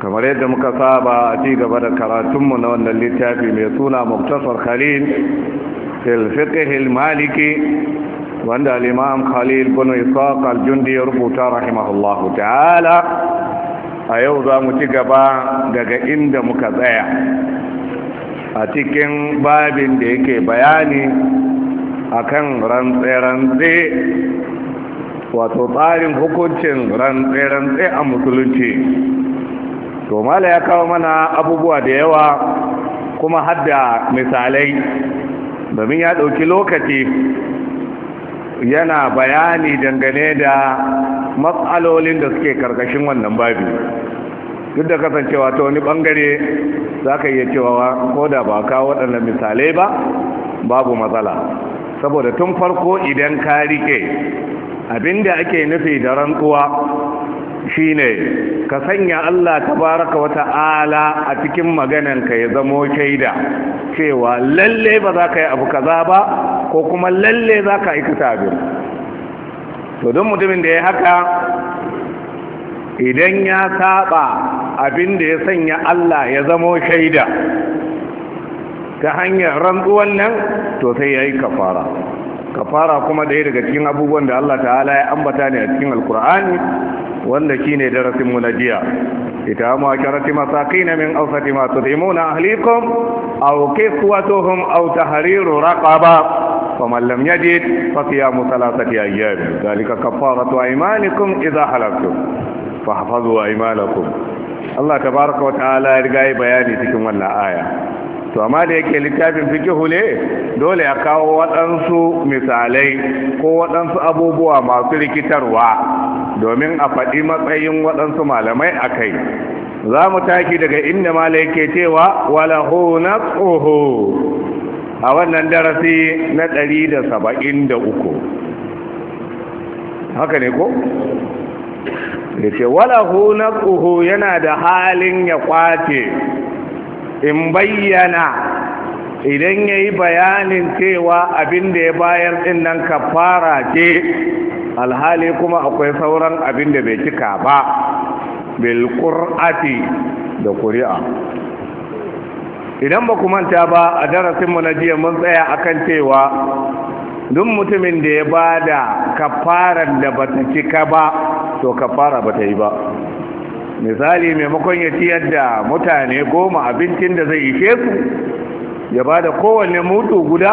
kamar yadda muka saba a ci gaba da karatunmu na wannan littafi mai suna muktasar khalil filfiƙihil maliki wanda al'imam khalil bin isaac Jundi ya rubuta rahimahullahu ta'ala a yau za mu ci gaba daga inda muka tsaya a cikin babin da yake bayani akan rantse-rantse wato tsarin hukuncin rantse-rantse a musulunci to mala ya kawo mana abubuwa da yawa kuma hadda misalai domin ya ɗauki lokaci yana bayani dangane da matsalolin da suke karkashin wannan babi duk da kasancewa ta wani bangare za ka iya cewa ko da ba ka waɗannan misalai ba babu matsala saboda tun farko idan ka rike abinda ake nufi da rantsuwa shine ka sanya Allah tabaraka Wata'ala ala a cikin maganan ka ya zamo shaida cewa lalle ba za ka yi abu kaza ba ko kuma lalle za ka aiki sabin to don mutumin da ya haka idan ya saba abin da ya sanya Allah ya zamo shaida ta hanyar rantsuwan nan to sai ya yi kafara kafara kuma ɗaya daga cikin abubuwan da Allah ta'ala ya ambata ne a cikin alkur'ani wanda shine darasin mu na jiya ita ma karati masakin min awsati ma tudimuna ahlikum aw kiswatuhum aw tahriru raqaba فمن لم يجد فصيام ثلاثة أيام ذلك كفارة أيمانكم إذا حلفتم فاحفظوا أيمانكم الله تبارك وتعالى يرجع بياني تكمل آية to amma da yake littafin fikihu ne dole ya kawo waɗansu misalai ko waɗansu abubuwa masu rikitarwa domin a faɗi matsayin waɗansu malamai a kai za mu taki daga inda malai ke cewa walahu na tsoho a wannan darasi na ɗari da saba'in da uku haka ne ko? da walahu na tsoho yana da halin ya kwace in bayyana idan ya yi bayanin cewa abin da ya bayar ɗin nan kafara ce alhali kuma akwai sauran abin da bai cika ba bilkur'ati da kuri'a idan ba manta ba a darasinmu na jiya mun tsaya akan cewa duk mutumin da ya ba da kafarar da ba ta cika ba to kafara ba ta yi ba misali maimakon ya ciyar da mutane goma abincin da zai ishe su ya ba da kowanne mutu guda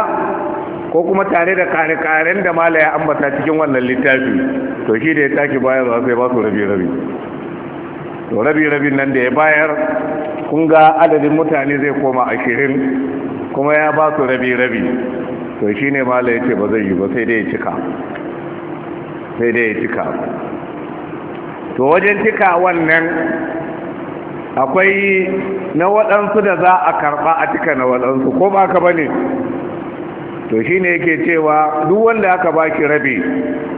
ko kuma tare da kare-karen da mala ya ambata cikin wannan littafi to shi da ya taki bayar za sai ba su rabi-rabi to rabi rabi nan da ya bayar kun ga adadin mutane zai koma ashirin kuma ya ba su rabi-rabi to shi ne mala ya ce ba zai yi ba sai dai ya cika sai dai ya cika to wajen cika wannan akwai na waɗansu da za a karɓa a cika na waɗansu ko ba ka ba ne to shi ne yake cewa duk wanda aka ba ki rabi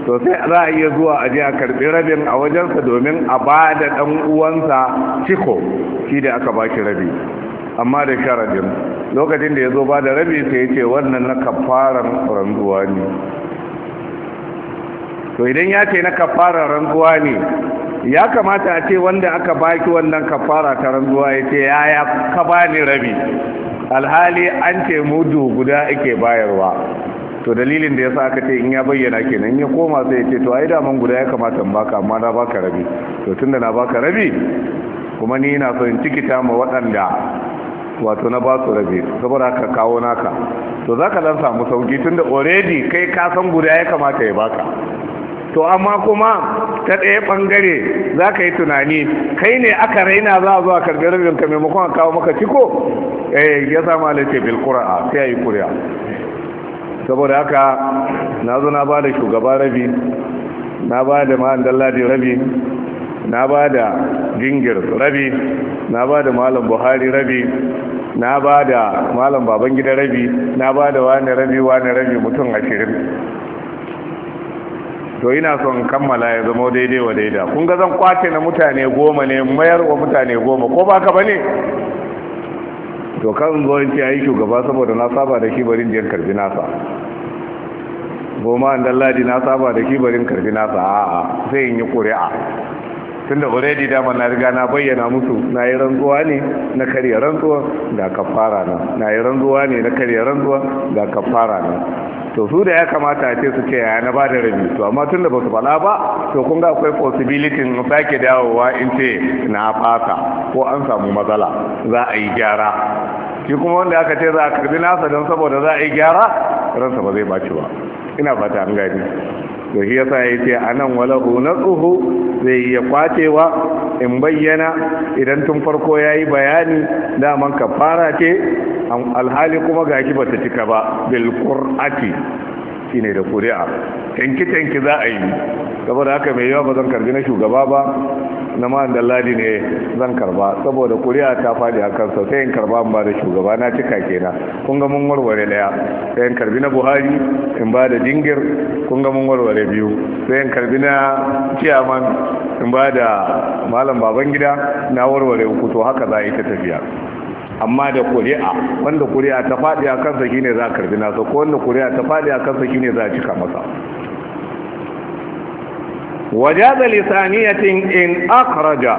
to sai za a iya zuwa aje a karɓi rabin a wajensa domin a ba da ɗan uwansa ciko shi da aka ba ki rabi amma da sharadin lokacin da ya zo ba da rabi sai ya ce wannan na kafaran ranzuwa ne to idan ya ce na kafaran ranzuwa ne ya kamata a ce wanda aka baki wannan kafara ta ranzuwa ya ce ya ya ka bani rabi alhali an ce mudu guda ake bayarwa to dalilin da ya sa aka ce in ya bayyana kenan ya koma sai ya ce to ai yi daman guda ya kamata in baka amma na baka rabi to tunda na baka rabi kuma ni na so in cikita ma waɗanda wato na basu su rabi saboda ka kawo naka to zaka dan samu sauki tunda already kai ka san guda ya kamata ya baka to amma kuma ta ɗaya ɓangare za ka yi tunani kai ne aka raina za a zo a karɓi rabinka maimakon a kawo maka ciko eh ya sa malace bilkura qur'a sai yi qur'a saboda haka na zo na bada shugaba rabi na bada ma'an dalladi rabi na bada jingir rabi na bada malam buhari rabi na bada malam babangida rabi na bada wani rabi wani rabi mutum ashirin to ina son kammala ya zama daidai wa daida kun ga zan kwace na mutane goma ne mayar wa mutane goma ko ba ka bane to kan zo in ce ai shugaba saboda na saba da kibarin jiyar karbi nasa goma an dalladi na saba da kibarin karbi nasa a'a sai in yi ƙuri'a tun da already dama na riga na bayyana musu na yi rantsuwa ne na karya rantsuwa ga kafara nan na yi rantsuwa ne na karya rantsuwa ga kafara nan to su da ya kamata ce su ce ya na ba da rabi to amma tun da ba su bala ba to kun ga akwai possibility in sake dawowa in ce na fasa ko an samu matsala za a yi gyara shi kuma wanda aka ce za a karbi nasa don saboda za a yi gyara ransa ba zai baci ba ina fata an gani to shi yasa ya ce a nan na tsoho zai iya kwacewa in bayyana idan tun farko ya yi bayani daman ka fara ce alhali kuma shi ba ta cika ba bil qur'ati shine da kuri'a tanki tanki za a yi saboda haka mai yawa ba zan karbi na shugaba ba na man da ladi ne zan karba saboda kuri'a ta fadi a kansa sai in karba in ba da shugaba na cika kenan kun ga mun warware daya sai in karbi na buhari in ba da dingir kun ga mun warware biyu sai in karbi na ciyaman in ba da malam baban gida na warware uku to haka za a yi ta tafiya amma da kuri'a wanda kuri'a ta fadi a kansa shine za a karbi nasa ko wanda kuri'a ta fadi a kansa shine za a cika masa wajaza lisaniyatin in akhraja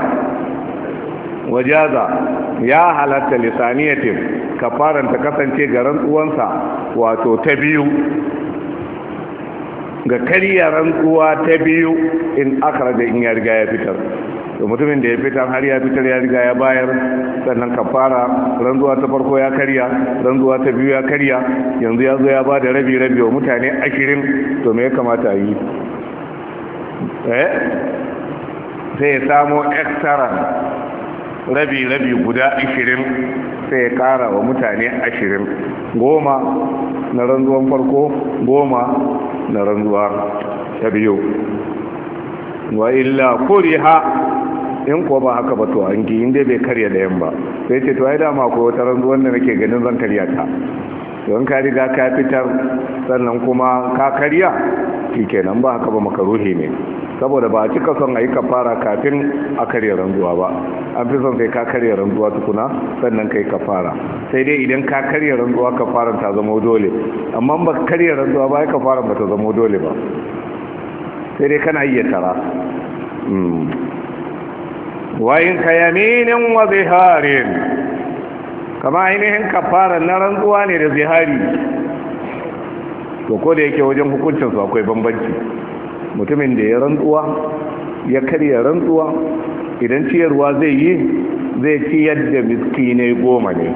wajaza ya halatta lisaniyatin kafaran ta kasance ga sa wato ta biyu ga karya rantsuwa ta biyu in akraja in ya riga ya fitar da mutumin da ya fitar har ya fitar ya riga ya bayar sannan kafara rantsuwa ta farko ya karya rantsuwa ta biyu ya karya yanzu ya zo ya bada rabi rabi wa mutane ashirin to me ya kamata a yi eh sai ya samo ekstara rabi-rabi guda ashirin sai ya kara wa mutane ashirin goma na ranzuwan farko goma na ranzuwa ta biyu wa illa kuriha in kuwa ba haka ba to an gi inda bai karya da ba sai ce tuwa ya dama ko wata ranzuwan da nake ganin zan karyata don ka riga ka fitar sannan kuma ka karya aiki kenan ba haka ba makaruhi ne saboda ba a cika son a yi kafara kafin a karya ranzuwa ba an fi son sai ka karya ranzuwa tukuna sannan ka yi kafara sai dai idan ka karya ranzuwa kafaran ta zama dole amma ba karya ranzuwa ba ya kafaran ba ta zama dole ba sai dai kana iya tara hmm. wayin ka yaminin wa ziharin kama ainihin kafara na ranzuwa ne da zihari to ko da yake wajen hukuncin su akwai bambanci mutumin da ya rantsuwa ya karya rantsuwa idan ciyarwa zai yi zai ci yadda miskine goma ne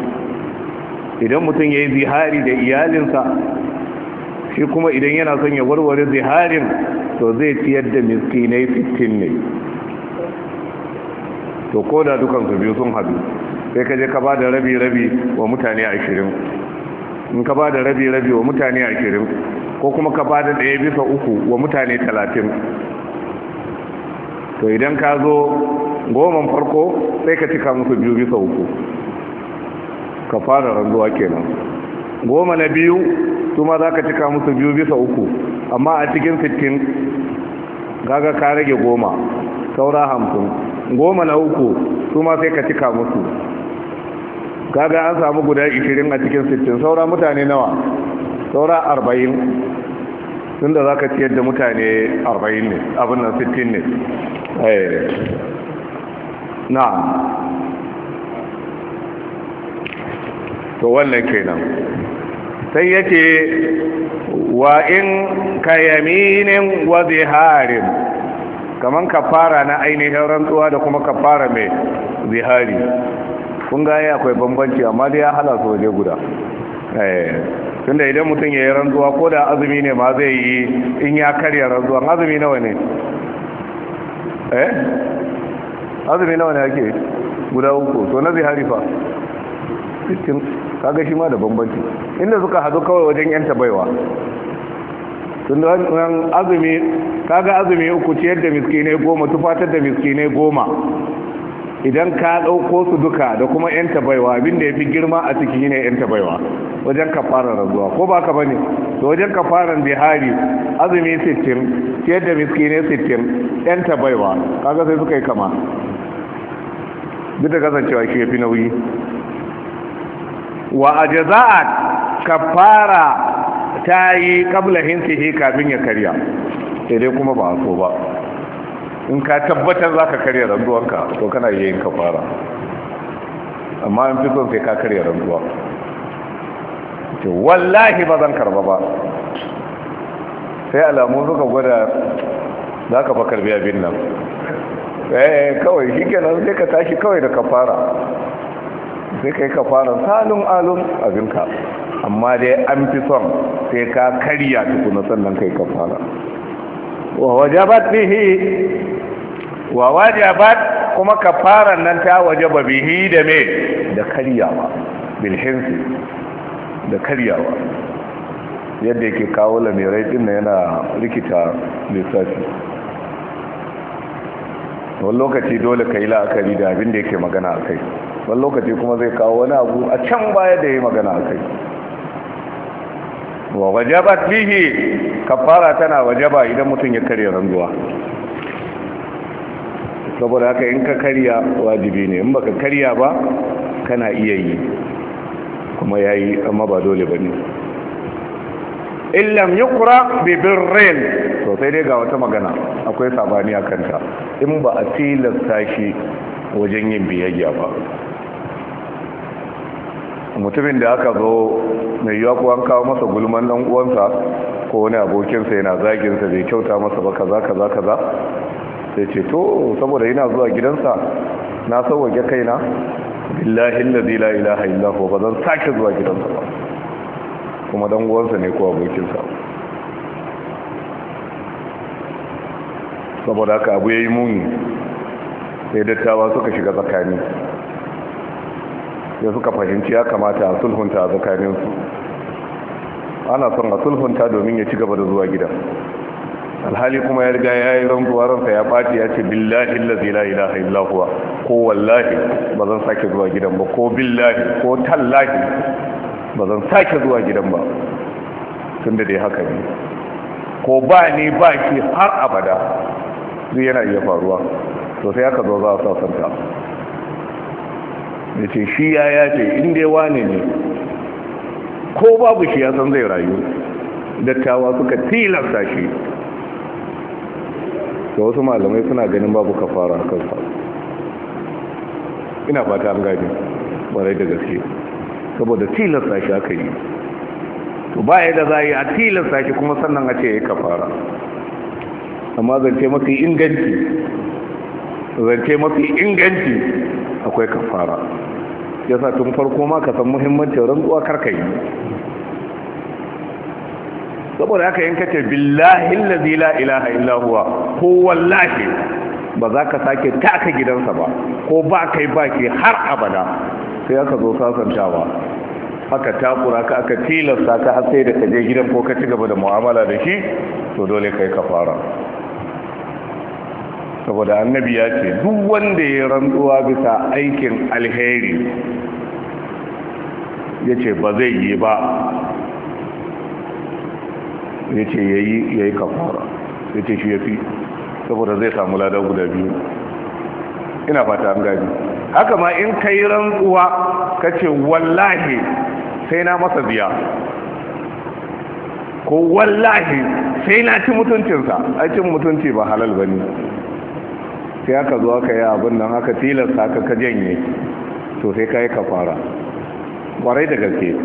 idan mutum ya yi zihari da iyalinsa shi kuma idan yana son ya warware ziharin to zai ciyar da miskinai sittin ne to ko da dukansu biyu sun hadu sai ka je ka ba da rabi-rabi wa mutane ashirin in ka ba da rabi-rabi wa mutane ashirin ko kuma ka ba da ɗaya bisa uku wa mutane talatin to idan ka zo goman farko sai ka cika musu biyu bisa uku ka fara ranzuwa kenan goma na biyu su ma za ka cika musu biyu bisa uku amma a cikin sittin gaga ka rage goma saura hamsin goma na uku su ma sai ka cika musu kaga an samu guda 20 a cikin 60 saura mutane nawa saura 40 tunda za ka ciyar da mutane 40 ne abin nan 60 ne eh. na to wannan kenan sai yake wa in ka yaminin wa ziharin kaman kafara na ainihin rantsuwa da kuma kafara mai zihari kun gaya akwai bambanci amma dai ya hala su waje guda eh, tunda idan mutum ya yi ranzuwa, ko da azumi ne ma zai yi in ya karya ranzuwa. azumi nawa ne eh azumi nawa ne ake guda uku to na zai harifa cikin kaga shi ma da bambanci inda suka hadu kawai wajen yanta baiwa tunda azumi kaga azumi uku ciyar da miskinai goma tufatar da miskinai goma idan ka ɗauko su duka da kuma yan tabaiwa abinda ya fi girma a ciki ne yan tabaiwa wajen ka fara razuwa ko ba ka bane da wajen ka fara bihari azumi sittin fiyar da ne sittin yan tabaiwa kaga sai suka yi kama duk da kasancewa shi ya fi nauyi wa ka fara ta yi kabla hinsihi kafin ya karya sai dai kuma ba so ba in ka tabbatar za ka karya ranzuwanka to kana iya yin kafara amma in fi son sai ka karya ranzuwa ce wallahi ba zan karba ba sai alamu suka gwada za ka fa karbi abin nan eh kawai shi kenan sai ka tashi kawai da kafara sai ka yi kafara salun alun abinka amma dai an fi son sai ka karya tukuna sannan kai kafara wa wajabat bihi wa wajabat kuma kafaran nan ta wajaba bihi da me da karyawa bil hinsi da karyawa yadda yake kawo lamirai din nan yana rikita lissafi wani lokaci dole ka yi la'akari da abin da yake magana a kai wani lokaci kuma zai kawo wani abu a can baya da ya yi magana a kai wa wajabat bihi kafara tana wajaba idan mutum ya karya ranzuwa saboda haka in ka karya wajibi ne in ba ka karya ba kana iya yi kuma ya yi amma ba dole ba ne illam yukra bi birrin to sai dai ga wata magana akwai sabani a kanta in ba a tilasta shi wajen yin biyayya ba mutumin da aka zo mai yiwa kuwa kawo masa gulman dan uwansa ko wani abokinsa yana zaginsa zai kyauta masa ba kaza kaza kaza sai ce to saboda yana zuwa gidansa na sauwage kaina billahi allazi la ilaha illahu ba zan sake zuwa gidansa ba kuma dan uwansa ne ko abokinsa saboda haka abu yayi muni sai dattawa suka shiga tsakani sai suka fahimci ya kamata a sulhunta a tsakaninsu ana son a sulhunta domin ya ci gaba da zuwa gidan alhali kuma ya riga ya yi rantsuwa ransa ya ɓaci ya ce billahi allazi la ilaha illa huwa ko wallahi ba zan sake zuwa gidan ba ko billahi ko tallahi ba zan sake zuwa gidan ba tunda dai haka ne ko ba ni ba ki har abada zai yana iya faruwa to sai aka zo za a sasanta da ce shi ya ce inda ya wane ne ko babu shi ya san zai rayu dattawa suka tilasta shi da wasu malamai suna ganin babu kafara a kansa ina fata an gani barai da gaske saboda tilasta shi aka yi to ba yadda za a yi a tilasta shi kuma sannan a ce ya yi kafara amma zance mafi inganci zance mafi inganci akwai kafara ya sa tun farko ma ka san muhimmancin rantsuwa karkai saboda haka yanka kace billahi allazi la ilaha illa huwa ko wallahi ba za ka sake taka gidansa ba ko ba kai ba ke har abada sai aka zo ba, aka takura ka aka tilasta ka har sai da ka je gidan ko ka ci gaba da mu'amala da shi to dole kai ka fara saboda annabi ya ce duk wanda ya rantsuwa bisa aikin alheri ya ce ba zai yi ba ya ce ya yi kafara ya ce shi ya fi saboda zai samu lada guda biyu ina fata an gaji haka ma in ka yi rantsuwa ka ce wallahi sai na masa biya ko wallahi sai na ci mutuncinsa a cin mutunci ba halal ba ne sai aka zuwa ka yi abin nan aka tilasta ka janye to sai ka yi kafara kwarai da gaske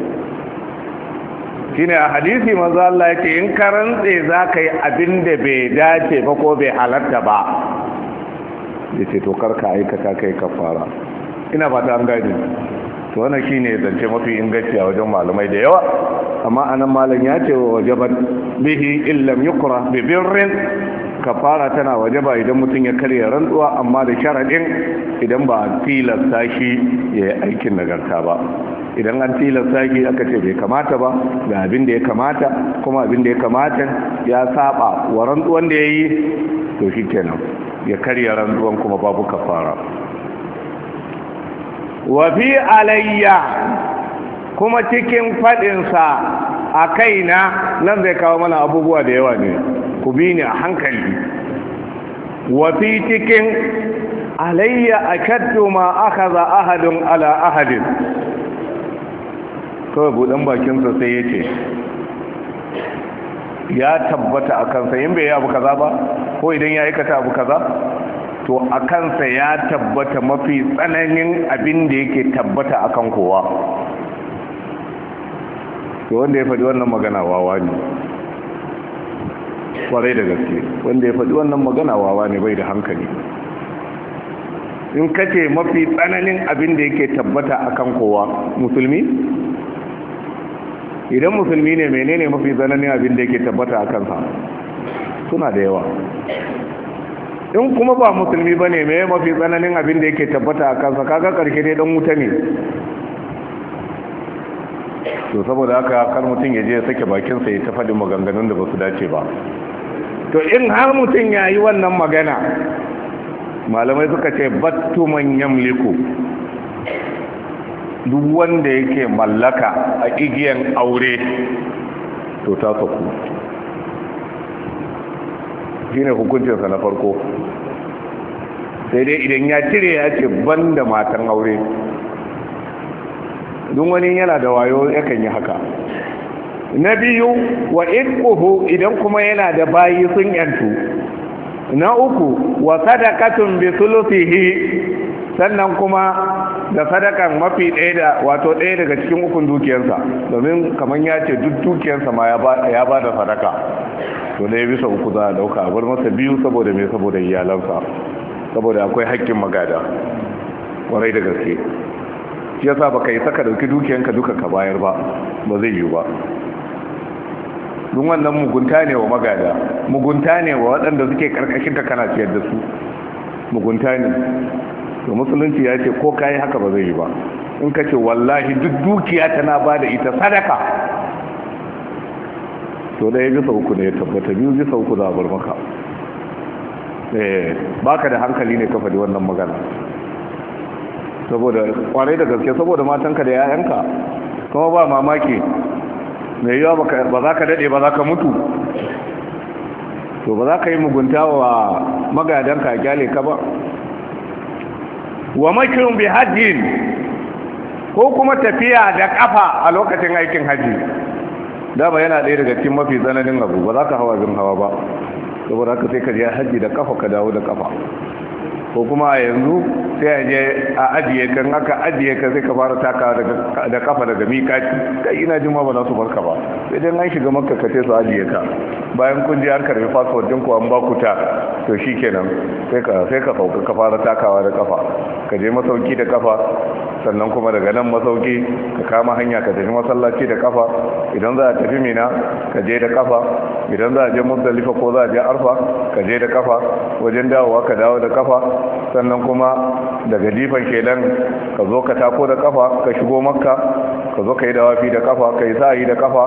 shine a hadisi manzo Allah yake in ka rantse za ka yi abin da bai dace ba ko bai halatta ba yace to kar ka aikata kai kafara ina fata an gani to wannan shine zance mafi inganci a wajen malamai da yawa amma anan malam ya ce wajaban bihi illam yukra bi birrin kafara tana waje ba idan mutum ya karya rantsuwa amma da sharaɗin idan ba a tilasta shi ya yi aikin nagarta ba idan an tilasta shi aka ce bai kamata ba ga abin da ya kamata kuma abin da ya kamata ya saba wa rantsuwan da ya yi to shi kenan ya karya rantsuwan kuma babu kafara wafi alayya kuma cikin faɗinsa a kaina nan zai kawo mana abubuwa da yawa ne ku bi ni a hankali wafi cikin alayya a kadduma ma aka za ahadin ala ahadin kawai buɗin bakinsa sai ya ce ya tabbata a kansa yin bai yi abu kaza ba ko idan ya aikata abu kaza to a kansa ya tabbata mafi tsananin abin da yake tabbata akan kowa to wanda ya faɗi wannan magana wawa ne kwarai da gaske wanda ya faɗi wannan magana wawa ne bai da hankali in ka ce mafi tsananin abin da yake tabbata a kan kowa musulmi idan musulmi ne menene mafi tsananin abin da yake tabbata a kansa suna da yawa in kuma ba musulmi ba ne mai mafi tsananin abin da yake tabbata a kansa kaga karshe ne dan wuta ne to saboda haka kar mutum ya je ya sake bakinsa ya ta maganganun da ba su dace ba to in har mutum ya yi wannan magana malamai suka ce battu manyan liku. duk wanda yake mallaka a igiyan aure to ta saku shi ne hukuncinsa na farko sai dai idan ya cire ya ce ban da matan aure duk wani yana da wayo yakan yi haka na biyu wa itquhu idan kuma yana da bayi sun yantu na uku wa sadaqatun bi thuluthihi sannan kuma da sadakan mafi ɗaya da wato ɗaya daga cikin ukun dukiyarsa domin kamar ya ce duk dukiyarsa ma ya ba da sadaka to ɗaya bisa uku za a ɗauka a bar masa biyu saboda mai saboda iyalansa saboda akwai haƙƙin magada ƙwarai da gaske shi yasa baka yi saka ɗauki dukiyanka duka ka bayar ba ba zai yiwu ba don wannan mugunta ne wa magada mugunta ne wa waɗanda suke karkashin ka kana siyar da su mugunta ne Da musulunci ya ce ko kayi haka ba zai yi ba in ka ce wallahi duk dukiya tana ba da ita sadaka to dai bisa uku ne ya tabbata biyu bisa uku za a bar maka eh, ba da hankali ne ka faɗi wannan magana saboda kwarai da gaske saboda matanka da 'ya'yanka kuma ba mamaki mai yawa ba za ka daɗe ba za ka mutu to ba za ka yi mugunta wa magadan ka gyale ka ba wa makirin bi hajjin ko kuma tafiya da kafa a lokacin aikin hajji dama yana ɗaya daga cikin mafi tsananin abu ba za ka hawa zin hawa ba saboda haka sai ka je hajji da kafa ka dawo da kafa ko kuma yanzu sai a je a ajiye kan aka ajiye ka sai ka fara taka da kafa daga mikati kai ina jin ma ba za su barka ba sai dan an shiga makka ka ce su ajiye ka bayan kun je harkar karbi passport din ku an ba ku ta to shikenan sai ka sai ka sauka ka fara takawa da kafa ka je masauki da kafa sannan kuma daga nan masauki ka kama hanya ka tafi masallaci da kafa idan za a tafi mina ka je da kafa idan za a je muzdalifa ko za a je arfa ka je da kafa wajen dawowa ka dawo da kafa sannan kuma daga jifan kenan ka zo ka tako da kafa ka shigo makka ka zo ka yi dawafi da kafa ka yi sa'ayi da kafa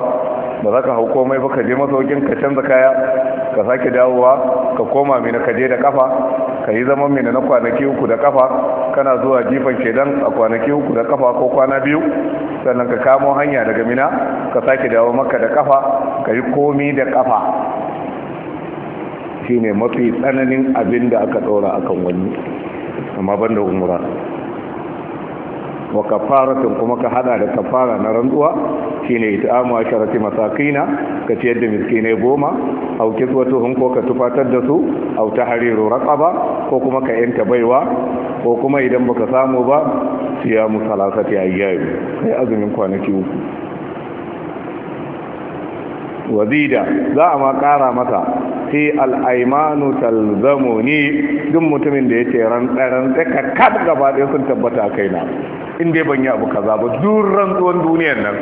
ba za ka hau komai ba ka je masaukin ka canza kaya ka sake dawowa ka koma mina ka je da kafa ka yi zaman mina na kwanaki uku da kafa kana zuwa jifan shedan a kwanaki uku da kafa ko kwana biyu sannan ka kamo hanya daga mina ka sake dawo maka da kafa ka yi komi da kafa ne mafi tsananin abin da aka ɗora akan wani amma ban da umura wa kafaratun kuma ka hada da kafara na rantsuwa shine it'amu asharati masakina ka ciyar da miskinai goma au kiswatuhum ko ka tufatar da su au tahriru raqaba ko kuma ka yanta baiwa ko kuma idan baka samu ba siyamu salasati ayyam sai azumin kwanaki uku wazida za a ma kara mata sai al'aimanu talzamo ni duk mutumin da ya ce rantsarantsa ka kad gaba ɗaya sun tabbata a kaina in dai ban yi abu kaza ba duk rantsuwan duniyar nan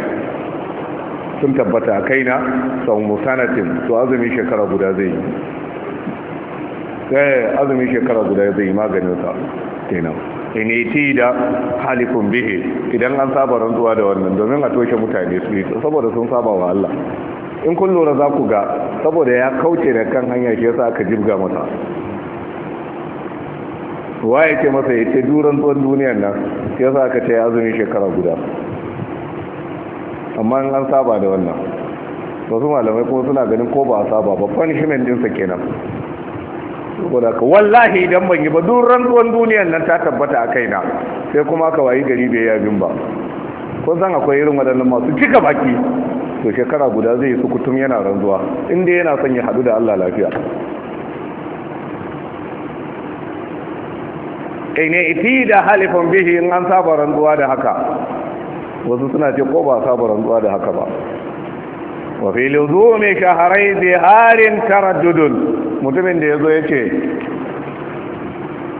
sun tabbata a kaina sau musanatin to azumi shekara guda zai yi eh, azumi shekara guda zai yi maganinsa kenan initi da halifin bihe idan an saba rantsuwa da wannan domin a toshe mutane su yi saboda sun saba wa Allah in kun lura za ku ga saboda ya kauce da kan hanyar shi yasa aka jirga masa wa ya ce masa ya ce duran tsohon duniyar nan shi yasa aka ce azumin shekara guda amma an saba da wannan wasu malamai kuma suna ganin ko ba a saba ba punishment dinsa kenan saboda ka wallahi idan ban yi ba duran tsohon duniyar nan ta tabbata a kaina sai kuma aka wayi gari bai yabin ba kun san akwai irin waɗannan masu cika baki to shekara guda zai yi sukutum yana ranzuwa inda yana son ya hadu da Allah lafiya ne iti da halifan bihi in an saba ranzuwa da haka wasu suna ce ko ba saba ranzuwa da haka ba wa fi mai shaharai ziharin dudun? mutumin da ya zo ya ce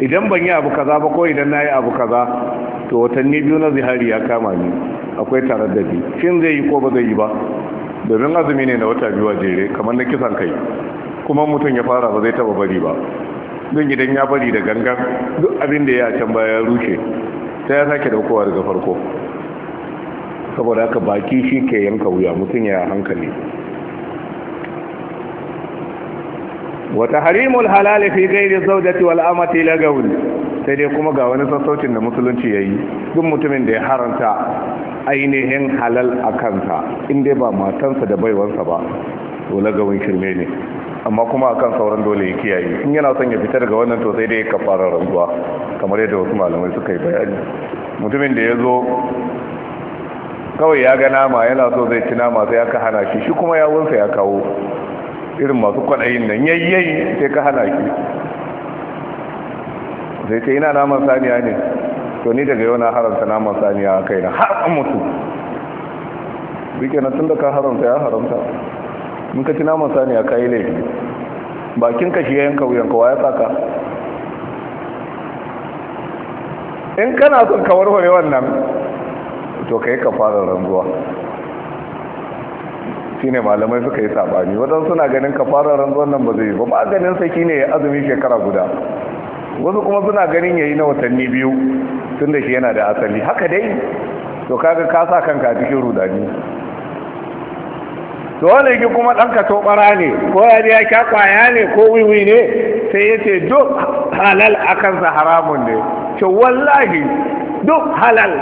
idan ban yi abu kaza ba ko idan na yi abu kaza to watanni biyu na zihari ya kama ni akwai tare da shin zai yi ko ba zai yi ba domin azumi ne na wata biyu a jere kamar na kisan kai kuma mutum ya fara ba zai taba bari ba don gidan ya bari da gangan duk abin da ya can baya ya rushe ta ya sake daukowa daga farko saboda haka baki shi ke yanka wuya mutum ya hankali wata harimul halali fi gairi zaudati wal amati sai dai kuma ga wani sassaucin da musulunci ya yi duk mutumin da ya haranta ainihin halal a kansa in ba matansa da baiwansa ba ga wani shirme ne amma kuma a kan sauran dole ya kiyaye in yana son ya fita daga wannan to sai dai ka fara rantsuwa kamar yadda wasu malamai suka yi bayani mutumin da ya zo kawai ya ga nama yana so zai ci nama sai aka hana shi shi kuma yawunsa ya kawo irin masu kwaɗayin nan yayyayi sai ka hana shi zai ce ina naman saniya ne to ni daga yau na haramta naman saniya a kaina har an mutu rike na tun da ka haramta ya haramta in ka ci naman saniya ka yi laifi bakin ka shi yanka wuyanka wa ya tsaka in kana son ka warware wannan to ka yi ka fara ranzuwa Shi ne malamai suka yi sabani wadansu suna ganin kafarar ranzuwan nan ba zai yi ba ba ganin saki ne azumi shekara guda wasu kuma suna ganin yayi na watanni biyu tun da shi yana da asali haka dai to kaga ka sa kanka cikin rudani to wanda yake kuma ɗan ka tobara ne ko ya ya kya kwaya ne ko wiwi ne sai ya ce duk halal a kansa haramun ne To wallahi duk halal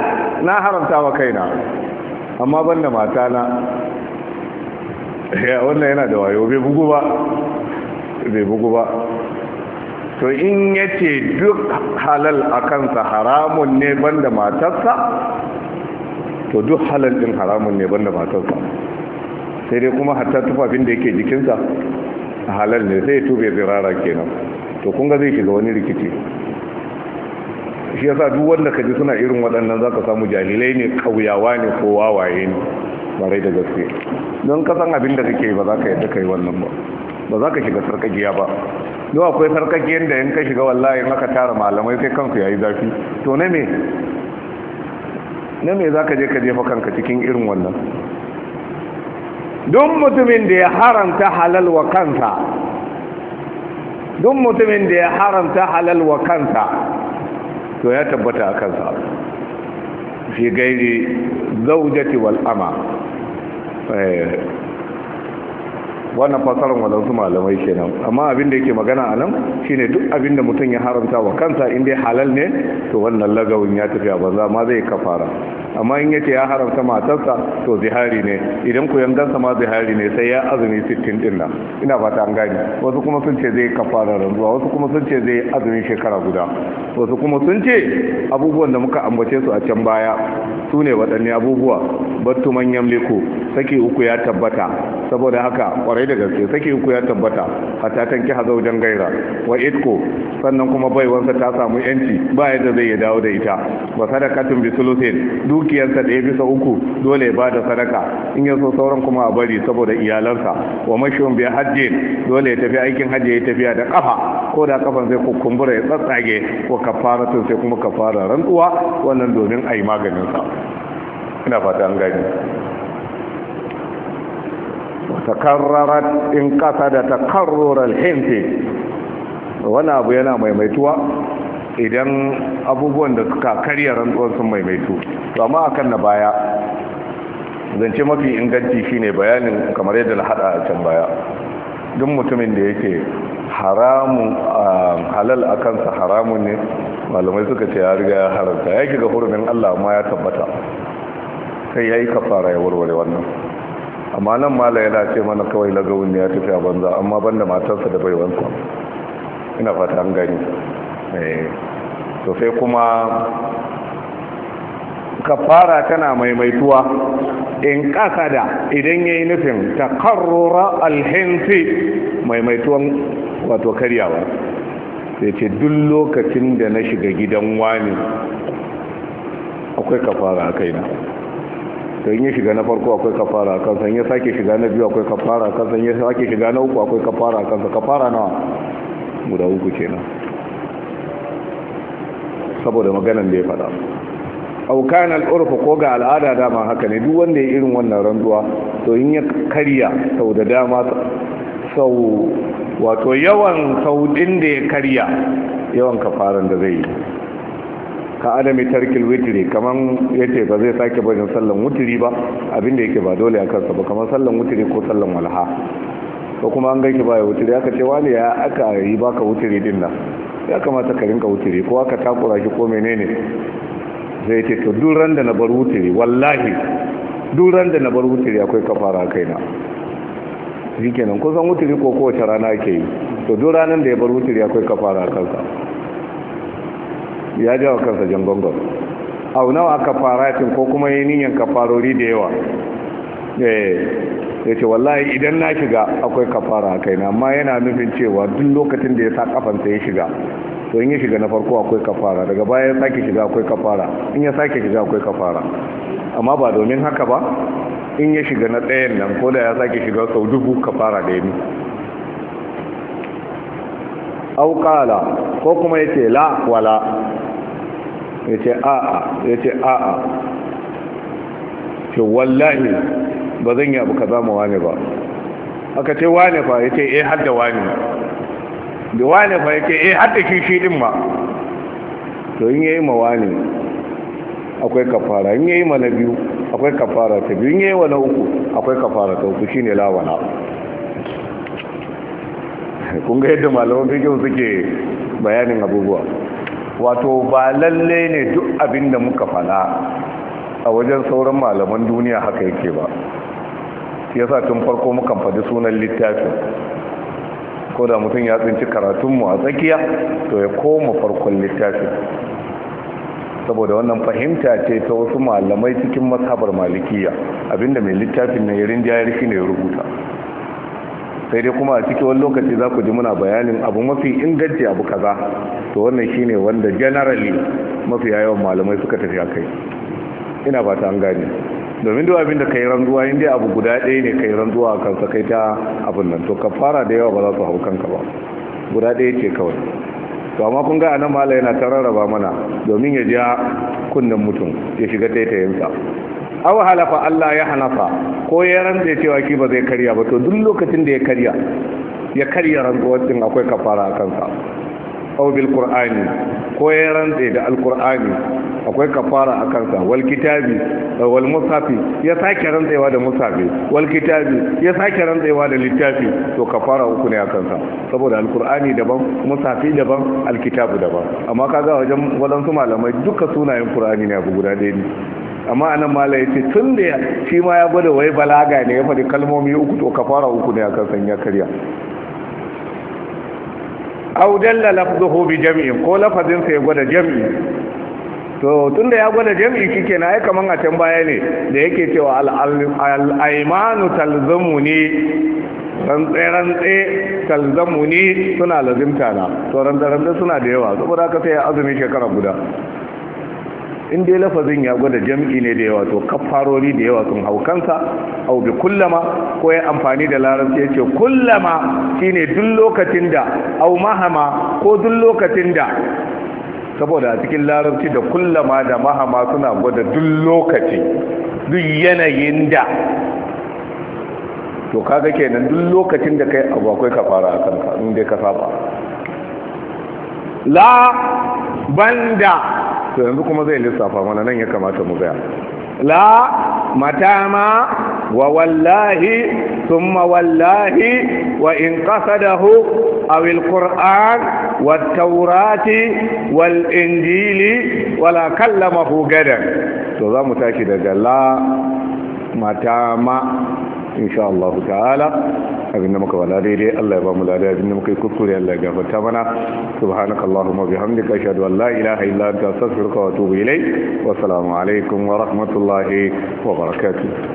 na haramta wa kaina amma ban da matana wannan yana da wayo bai bugu ba bai bugu ba to in yace duk halal a kansa haramun ne banda matarsa to duk halal din haramun ne banda matarsa sai dai kuma hatta tufafin da yake jikinsa halal ne sai tube zirara kenan to kun ga zai shiga wani rikici shi yasa duk wanda kaji suna irin waɗannan zaka samu jahilai ne kauyawa ne ko wawaye ne bare da gaske don kasan abin da kake ba za ka yadda yi wannan ba ba za ka shiga sarkakiya ba do akwai sarkakiyar da in ka shiga wallahi in aka tara malamai kai kanku yi zafi to na me na me za ka je ka jefa kanka cikin irin wannan don mutumin da ya haramta halal wa kansa don mutumin da ya haramta halal wa kansa to ya tabbata a kansa fi gairi zaujati wal'ama. Eh, wannan fasaran wadansu malamai kenan amma abin da yake magana a nan shine duk abin da mutum ya haramta wa kansa in dai halal ne to wannan lagawin ya tafiya ba za ma zai kafara amma in yace ya haramta matarsa to zihari ne idan ku yangansa ma zihari ne sai ya azumi 60 din nan ina fata an gani wasu kuma sun ce zai kafara ranzuwa wasu kuma sun ce zai azumin shekara guda wasu kuma sun ce abubuwan da muka ambace su a can baya su ne waɗanne abubuwa batu manyan liku saki uku ya tabbata saboda haka kwarai da gaske sake uku ya tabbata a ta tanki hazaujen gaira wa itko sannan kuma baiwansa ta samu yanci ba yadda zai ya dawo da ita ba sadakatin bi sulusin dukiyarsa ɗaya bisa uku dole ba da sadaka in ya so sauran kuma a bari saboda iyalansa wa mashiyun bi hajji dole ya tafi aikin hajji ya tafiya da kafa ko da kafan sai kumbura ya tsatsage ko kafaratun sai kuma kafara rantsuwa wannan domin a yi maganinsa ina fata an gani takarrarat in kasa da takarrural hinti wani abu yana maimaituwa idan abubuwan da suka karya rantsuwar sun maimaitu to amma akan na baya zance mafi inganci shine bayanin kamar yadda na hada a can baya duk mutumin da yake haramun halal a kansa haramun ne malamai suka ce ya riga ya haramta ya ga hurumin Allah ma ya tabbata sai ya yi kafara ya warware wannan amma nan mala yana ce mana kawai lagawun ne ya tafi a banza amma banda matarsa da baiwansa ina fata an gani eh, to sai kuma kafara tana maimaituwa in da idan ya yi nufin takarrura alhinsi maimaituwan wato karyawa sai ce duk lokacin da na shiga gidan wani akwai kafara a kaina to in ya shiga na farko akwai kafara kan san ya sake shiga na biyu akwai kafara kan san ya sake shiga na uku akwai kafara kan sa kafara nawa guda uku kenan saboda maganan da ya faɗa aukan al'urfa ko ga al'ada dama haka ne duk wanda ya irin wannan randuwa to in ya karya sau da dama sau wato yawan sau din da ya karya yawan kafaran da zai yi ka adami tarkil witri kaman yace ba zai sake bajin sallan witri ba abinda yake ba dole akan sa ba kaman sallan witri ko sallan walha ko kuma an ganke baya witri aka ce wani ya aka yi baka witri din nan ya kamata ka rinka witri ko aka takura shi ko menene zai ce to duran da na bar witri wallahi duran da na bar witri akwai kafara kaina shikenan kusan witri ko kowace rana ake yi to duk ranar da ya bar wuturi akwai kafara kansa ya wa kansa jan gongon au nawa aka faratin ko kuma yi niyan kafarori da yawa eh, ya ce wallahi idan na shiga akwai kafara a kaina amma yana nufin cewa duk lokacin da ya sa kafansa ya shiga to in ya shiga na farko akwai kafara daga baya ya sake shiga akwai kafara in ya sake shiga akwai kafara amma ba domin haka ba in ya shiga na ɗayan nan ko da ya sake shiga sau dubu kafara da ne auƙala ko kuma ya ce la wala ya ce a'a ya ce a'a to wallahi ba zan yi abu ka zama wane ba aka ce wane fa ya ce eh hadda wane da wane fa ya ce eh hadda shi shi din ma to in yayi ma wane akwai kafara in yayi ma na biyu akwai kafara ta biyu in yayi wa na uku akwai kafara ta uku shine lawana kun ga yadda malaman fikin suke bayanin abubuwa wato ba lalle ne duk abin da muka fana a wajen sauran malaman duniya haka yake ba yasa tun farko mukan faɗi sunan littafin ko da mutum ya tsinci karatunmu a tsakiya to ya koma farkon littafin saboda wannan fahimta ce ta wasu malamai cikin mashabar malikiya abinda mai littafin na yarin jayar shi ne ya rubuta sai dai kuma a cikin wani lokaci za ku ji muna bayanin abu mafi inganci abu kaza to wannan shine wanda generally mafi yawan malamai suka tafi akai ina ba ta an gane domin duk abin da kai yi in dai abu guda ɗaya ne kai ranzuwa a kansa kai ta abin nan to ka fara da yawa ba za su hau kanka ba guda ɗaya ce kawai to amma kun ga anan mala yana ta rarraba mana domin ya ja kunnen mutum ya shiga taitayensa aw halafa Allah ya hanafa ko ya rantse cewa ki ba zai karya ba to duk lokacin da ya karya ya karya rantsuwar din akwai kafara a kansa aw bil qur'ani ko ya rantsa da alqur'ani akwai kafara a kansa wal kitabi wal musafi ya sake rantsewa da musafi wal kitabi ya sake rantsewa da littafi to kafara uku ne a kansa saboda alqur'ani daban musafi daban alkitabu daban amma kaga wajen wadansu malamai duka sunayen qur'ani ne abu guda dai ne amma anan mala ya ce tun da shi ma ya gwada wai balaga ne ya faɗi kalmomi uku to ka fara uku ne a kan ya karya au dalla lafzuhu bi jam'i ko lafazin sa ya gwada jam'i to tun da ya gwada jam'i kike na ai kaman a can baya ne da yake cewa al aymanu talzamuni rantsarantse talzamuni suna lazimta na to rantsarantse suna da yawa saboda ka sai azumi shekara guda in dai lafazin ya gwada jam'i ne da yawa to kafarori da yawa sun hau kansa au bi kullama ko ya amfani da larabci yace kullama shine duk lokacin da au mahama ko duk lokacin da saboda a cikin larabci da kullama da mahama suna gwada duk lokaci duk yanayin da to kaga kenan duk lokacin da kai abu akwai kafara a kanka in dai ka saba la banda to yanzu kuma zai lissafa mana nan ya kamata mu gaya. la matama wa wallahi thumma wallahi wa in qasadahu أو القرآن والتوراة والإنجيل ولا kallamahu gadan to za mu tashi daga la matama insha Allah ta'ala abinda muka wala daidai Allah ya ba mu lada abinda muka yi kuskure Allah ya gafarta mana subhanaka allahumma bihamdika ashhadu an la ilaha illa anta astaghfiruka wa atubu ilayk wa assalamu alaikum wa rahmatullahi wa barakatuh